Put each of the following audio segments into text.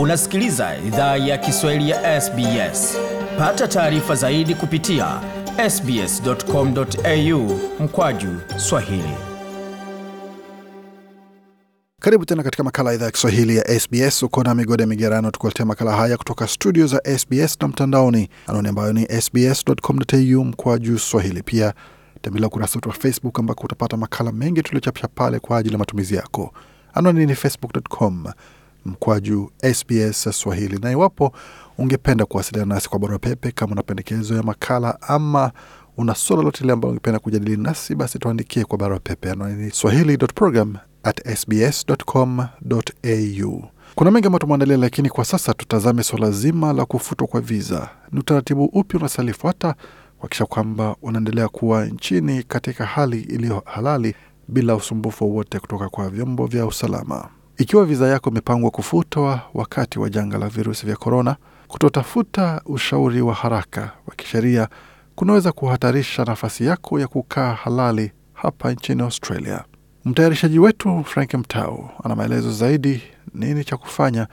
Unasikiliza idhaa ya Kiswahili ya SBS. Pata taarifa zaidi kupitia sbs.com.au mkwaju swahili. Karibu tena katika makala ya idhaa ya Kiswahili ya SBS. Uko na Migode Migerano tukuletea makala haya kutoka studio za SBS na mtandaoni, anaoni ambayo ni sbs.com.au mkwaju swahili. Pia tembelea ukurasa wetu wa Facebook ambako utapata makala mengi tuliochapisha pale kwa ajili ya matumizi yako. anani ni facebook.com mkwaju SBS Swahili, na iwapo ungependa kuwasiliana nasi kwa barua pepe, kama una pendekezo ya makala ama una suala lolote lile ambalo ungependa kujadili nasi, basi tuandikie kwa barua pepe, anwani swahili.program@sbs.com.au. Kuna mengi ambayo tumeandalia, lakini kwa sasa tutazame suala zima la kufutwa kwa viza. Ni utaratibu upi unasalifuata kuhakikisha kwamba unaendelea kuwa nchini katika hali iliyo halali bila usumbufu wowote kutoka kwa vyombo vya usalama. Ikiwa viza yako imepangwa kufutwa wakati wa janga la virusi vya korona, kutotafuta ushauri wa haraka wa kisheria kunaweza kuhatarisha nafasi yako ya kukaa halali hapa nchini Australia. Mtayarishaji wetu Frank Mtao ana maelezo zaidi nini cha kufanya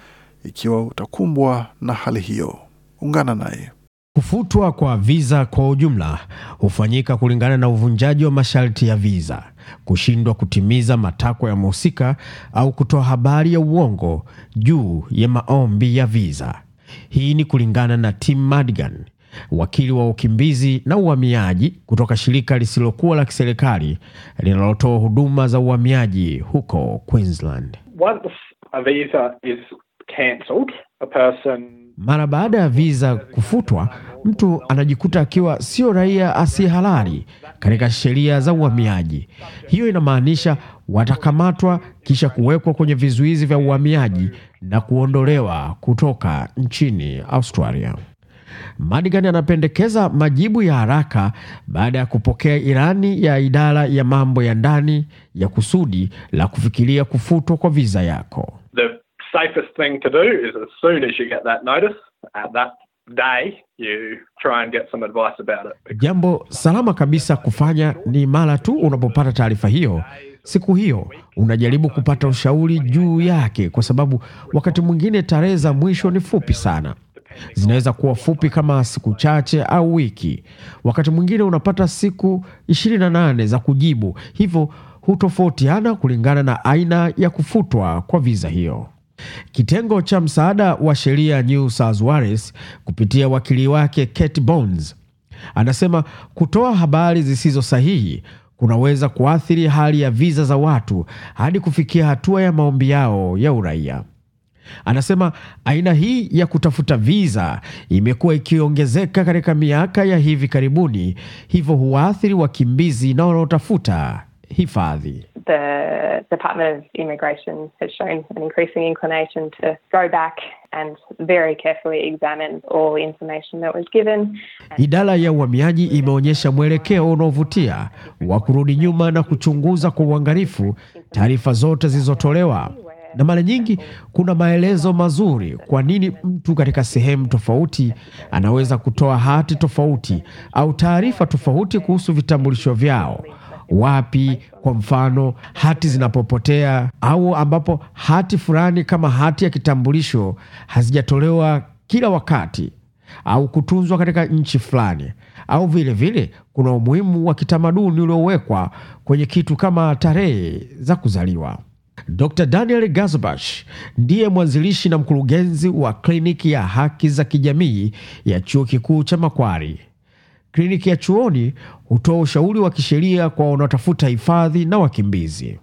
ikiwa utakumbwa na hali hiyo. Ungana naye. Kufutwa kwa viza kwa ujumla hufanyika kulingana na uvunjaji wa masharti ya viza, kushindwa kutimiza matakwa ya mhusika au kutoa habari ya uongo juu ya maombi ya viza. Hii ni kulingana na Tim Madigan, wakili wa ukimbizi na uhamiaji kutoka shirika lisilokuwa la kiserikali linalotoa huduma za uhamiaji huko Queensland. Once a visa is cancelled, a person mara baada ya viza kufutwa, mtu anajikuta akiwa sio raia asiye halali katika sheria za uhamiaji. Hiyo inamaanisha watakamatwa kisha kuwekwa kwenye vizuizi vya uhamiaji na kuondolewa kutoka nchini Australia. Madigan anapendekeza majibu ya haraka baada ya kupokea irani ya idara ya mambo ya ndani ya kusudi la kufikiria kufutwa kwa viza yako safest thing to do is as soon as you get that notice, at that day you try and get some advice about it. Jambo salama kabisa kufanya ni mara tu unapopata taarifa hiyo, siku hiyo unajaribu kupata ushauri juu yake, kwa sababu wakati mwingine tarehe za mwisho ni fupi sana zinaweza kuwa fupi kama siku chache au wiki. Wakati mwingine unapata siku 28 za kujibu, hivyo hutofautiana kulingana na aina ya kufutwa kwa viza hiyo. Kitengo cha msaada wa sheria New South Wales kupitia wakili wake Kate Bones anasema kutoa habari zisizo sahihi kunaweza kuathiri hali ya viza za watu hadi kufikia hatua ya maombi yao ya uraia. Anasema aina hii ya kutafuta viza imekuwa ikiongezeka katika miaka ya hivi karibuni, hivyo huwaathiri wakimbizi na wanaotafuta hifadhi the Department of Immigration has shown an increasing inclination to go back and very carefully examine all the information that was given. Idara ya uhamiaji imeonyesha mwelekeo unaovutia wa kurudi nyuma na kuchunguza kwa uangalifu taarifa zote zilizotolewa na mara nyingi kuna maelezo mazuri kwa nini mtu katika sehemu tofauti anaweza kutoa hati tofauti au taarifa tofauti kuhusu vitambulisho vyao wapi, kwa mfano hati zinapopotea au ambapo hati fulani kama hati ya kitambulisho hazijatolewa kila wakati au kutunzwa katika nchi fulani, au vilevile vile, kuna umuhimu wa kitamaduni uliowekwa kwenye kitu kama tarehe za kuzaliwa. Dr. Daniel Gazbash ndiye mwanzilishi na mkurugenzi wa kliniki ya haki za kijamii ya Chuo Kikuu cha Makwari. Kliniki ya chuoni hutoa ushauri wa kisheria kwa wanaotafuta hifadhi na wakimbizi.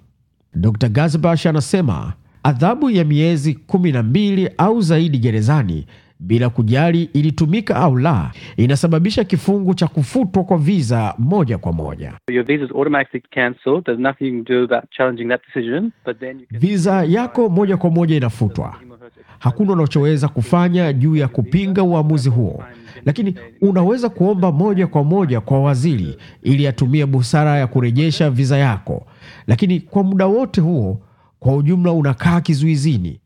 Dr Gazbash anasema adhabu ya miezi kumi na mbili au zaidi gerezani bila kujali ilitumika au la, inasababisha kifungu cha kufutwa kwa viza moja kwa moja. viza yako moja kwa moja inafutwa. Hakuna unachoweza kufanya juu ya kupinga uamuzi huo, lakini unaweza kuomba moja kwa moja kwa waziri ili atumie busara ya kurejesha viza yako. Lakini kwa muda wote huo, kwa ujumla, unakaa kizuizini,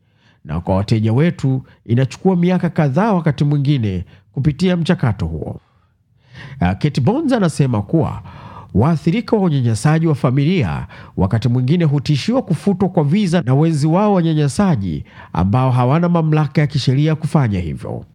na kwa wateja wetu inachukua miaka kadhaa, wakati mwingine, kupitia mchakato huo. Ah, Kate Bonza anasema kuwa Waathirika wa unyanyasaji wa familia wakati mwingine hutishiwa kufutwa kwa viza na wenzi wao wanyanyasaji ambao hawana mamlaka ya kisheria kufanya hivyo.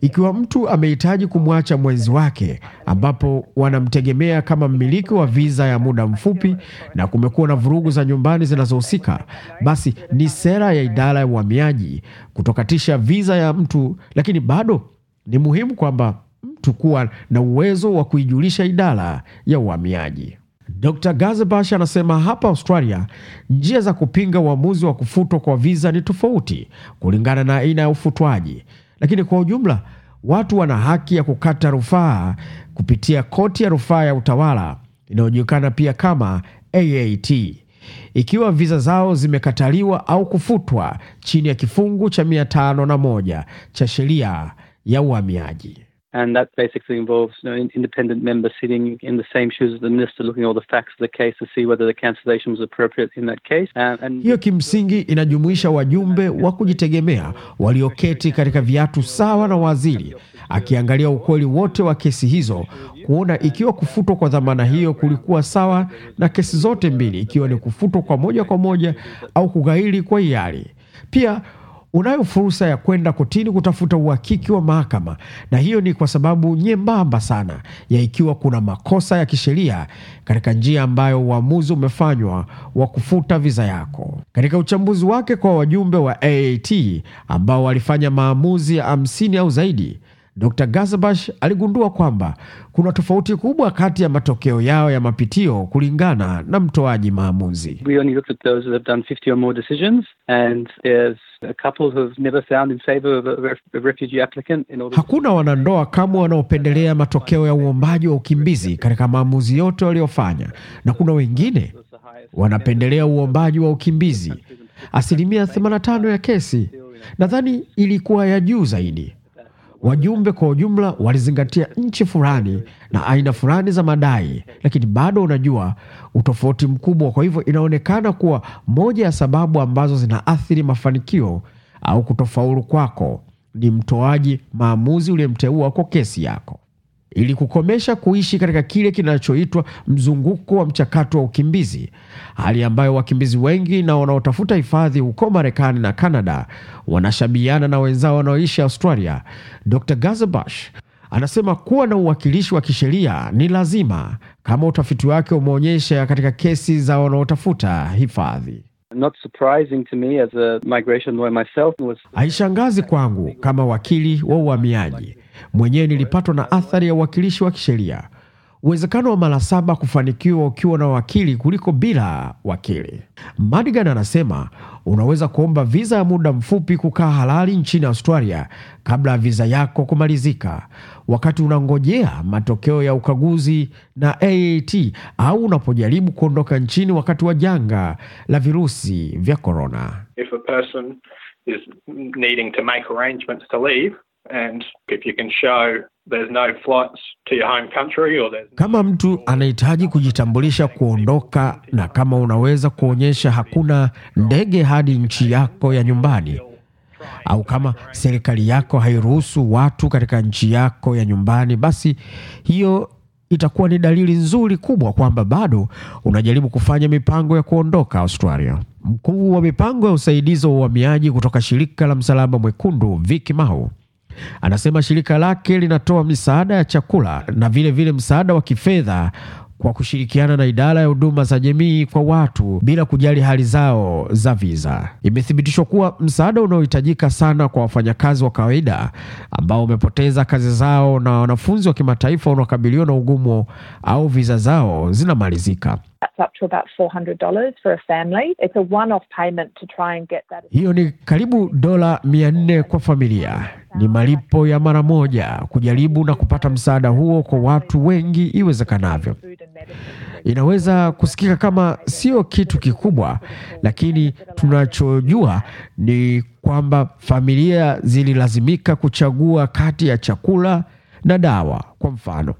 Ikiwa mtu amehitaji kumwacha mwenzi wake, ambapo wanamtegemea kama mmiliki wa viza ya muda mfupi, na kumekuwa na vurugu za nyumbani zinazohusika, basi ni sera ya idara ya uhamiaji kutokatisha viza ya mtu, lakini bado ni muhimu kwamba mtu kuwa na uwezo wa kuijulisha idara ya uhamiaji. Dr Gazebash anasema hapa Australia, njia za kupinga uamuzi wa kufutwa kwa viza ni tofauti kulingana na aina ya ufutwaji, lakini kwa ujumla watu wana haki ya kukata rufaa kupitia koti ya rufaa ya utawala inayojulikana pia kama AAT ikiwa viza zao zimekataliwa au kufutwa chini ya kifungu cha mia tano na moja cha sheria ya uhamiaji. And that basically involves you know, an independent member sitting in the same shoes as the minister looking at all the facts of the case to see whether the cancellation was appropriate in that case. and... Hiyo kimsingi inajumuisha wajumbe wa kujitegemea walioketi katika viatu sawa na waziri akiangalia ukweli wote wa kesi hizo kuona ikiwa kufutwa kwa dhamana hiyo kulikuwa sawa na kesi zote mbili, ikiwa ni kufutwa kwa moja kwa moja au kughairi kwa hiari. Pia unayo fursa ya kwenda kotini kutafuta uhakiki wa mahakama, na hiyo ni kwa sababu nyembamba sana ya ikiwa kuna makosa ya kisheria katika njia ambayo uamuzi umefanywa wa kufuta viza yako. Katika uchambuzi wake kwa wajumbe wa AAT ambao walifanya maamuzi ya hamsini au zaidi, Dr Gazabash aligundua kwamba kuna tofauti kubwa kati ya matokeo yao ya mapitio kulingana na mtoaji maamuzi. Hakuna wanandoa kamwe wanaopendelea matokeo ya uombaji wa ukimbizi katika maamuzi yote waliofanya, na kuna wengine wanapendelea uombaji wa ukimbizi asilimia 85 ya kesi. Nadhani ilikuwa ya juu zaidi. Wajumbe kwa ujumla walizingatia nchi fulani na aina fulani za madai, lakini bado unajua utofauti mkubwa. Kwa hivyo inaonekana kuwa moja ya sababu ambazo zinaathiri mafanikio au kutofaulu kwako ni mtoaji maamuzi uliyemteua kwa kesi yako ili kukomesha kuishi katika kile kinachoitwa mzunguko wa mchakato wa ukimbizi, hali ambayo wakimbizi wengi na wanaotafuta hifadhi huko Marekani na Kanada wanashabiana na wenzao wanaoishi Australia. Dr Gazabash anasema kuwa na uwakilishi wa kisheria ni lazima, kama utafiti wake umeonyesha katika kesi za wanaotafuta hifadhi. Haishangazi was... kwangu kama wakili wa uhamiaji Mwenyewe nilipatwa na athari ya uwakilishi wa kisheria, uwezekano wa mara saba kufanikiwa ukiwa na wakili kuliko bila wakili. Madigan anasema unaweza kuomba viza ya muda mfupi kukaa halali nchini Australia kabla ya viza yako kumalizika, wakati unangojea matokeo ya ukaguzi na AAT au unapojaribu kuondoka nchini wakati wa janga la virusi vya korona. And if you can show there's no flights to your home country or there's... Kama mtu anahitaji kujitambulisha kuondoka, na kama unaweza kuonyesha hakuna ndege hadi nchi yako ya nyumbani, au kama serikali yako hairuhusu watu katika nchi yako ya nyumbani, basi hiyo itakuwa ni dalili nzuri kubwa kwamba bado unajaribu kufanya mipango ya kuondoka Australia. Mkuu wa mipango ya usaidizi wa uhamiaji kutoka shirika la Msalaba Mwekundu Vicky Mau Anasema shirika lake linatoa misaada ya chakula na vilevile vile msaada wa kifedha kwa kushirikiana na idara ya huduma za jamii kwa watu bila kujali hali zao za visa. Imethibitishwa kuwa msaada unaohitajika sana kwa wafanyakazi wa kawaida ambao wamepoteza kazi zao na wanafunzi wa kimataifa wanaokabiliwa na ugumu au visa zao zinamalizika. Hiyo ni karibu dola mia nne kwa familia. Ni malipo ya mara moja kujaribu na kupata msaada huo kwa watu wengi iwezekanavyo inaweza kusikika kama sio kitu kikubwa, lakini tunachojua ni kwamba familia zililazimika kuchagua kati ya chakula na dawa, kwa mfano,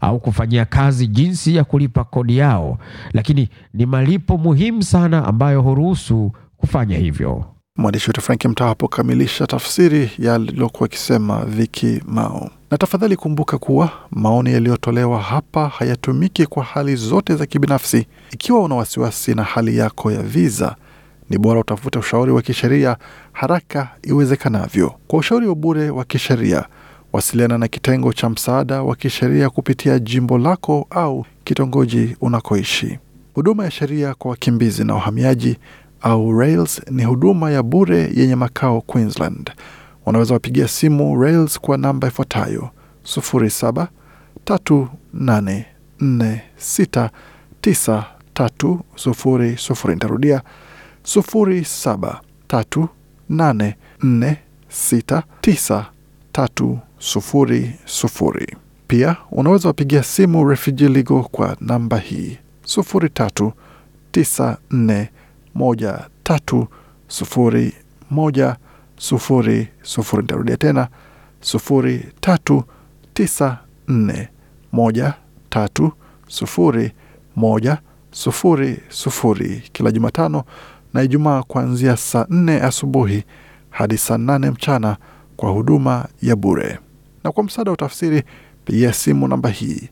au kufanyia kazi jinsi ya kulipa kodi yao, lakini ni malipo muhimu sana ambayo huruhusu kufanya hivyo. Mwandishi wetu Frank Mtaa apokamilisha tafsiri yaliyokuwa akisema Viki Mao. Na tafadhali kumbuka kuwa maoni yaliyotolewa hapa hayatumiki kwa hali zote za kibinafsi. Ikiwa una wasiwasi na hali yako ya viza, ni bora utafute ushauri wa kisheria haraka iwezekanavyo. Kwa ushauri wa bure wa kisheria, wasiliana na kitengo cha msaada wa kisheria kupitia jimbo lako au kitongoji unakoishi. Huduma ya sheria kwa wakimbizi na wahamiaji au Rails ni huduma ya bure yenye makao Queensland. Wanaweza wapigia simu Rails kwa namba ifuatayo 0738469300. Nitarudia 0738469300. Pia unaweza wapigia simu Refugee Legal kwa namba hii nne moja tatu sufuri moja sufuri sufuri. Nitarudia tena sufuri tatu tisa nne moja tatu sufuri moja sufuri sufuri, kila Jumatano na Ijumaa kuanzia saa nne asubuhi hadi saa nane mchana kwa huduma ya bure. Na kwa msaada wa utafsiri, pigia simu namba hii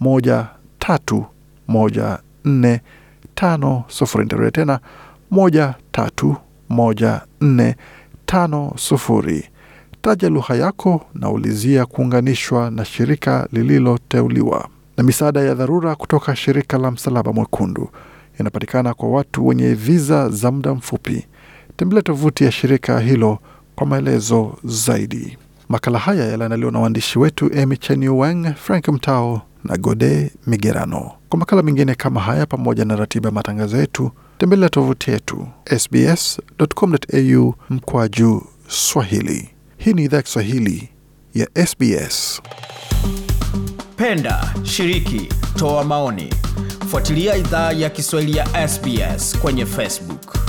moja tatu moja nne tano sufuri. Nitarudia tena moja tatu moja nne tano sufuri. Taja lugha yako na ulizia kuunganishwa na shirika lililoteuliwa. Na misaada ya dharura kutoka shirika la Msalaba Mwekundu inapatikana kwa watu wenye viza za muda mfupi. Tembelea tovuti ya shirika hilo kwa maelezo zaidi. Makala haya yaliandaliwa na waandishi wetu Emy Chenuweng, Frank Mtao na Gode Migerano. Kwa makala mengine kama haya, pamoja na ratiba ya matangazo yetu tembelea tovuti yetu sbs.com.au mkwa juu Swahili. Hii ni idhaa Kiswahili ya SBS. Penda, shiriki, toa maoni, fuatilia idhaa ya Kiswahili ya SBS kwenye Facebook.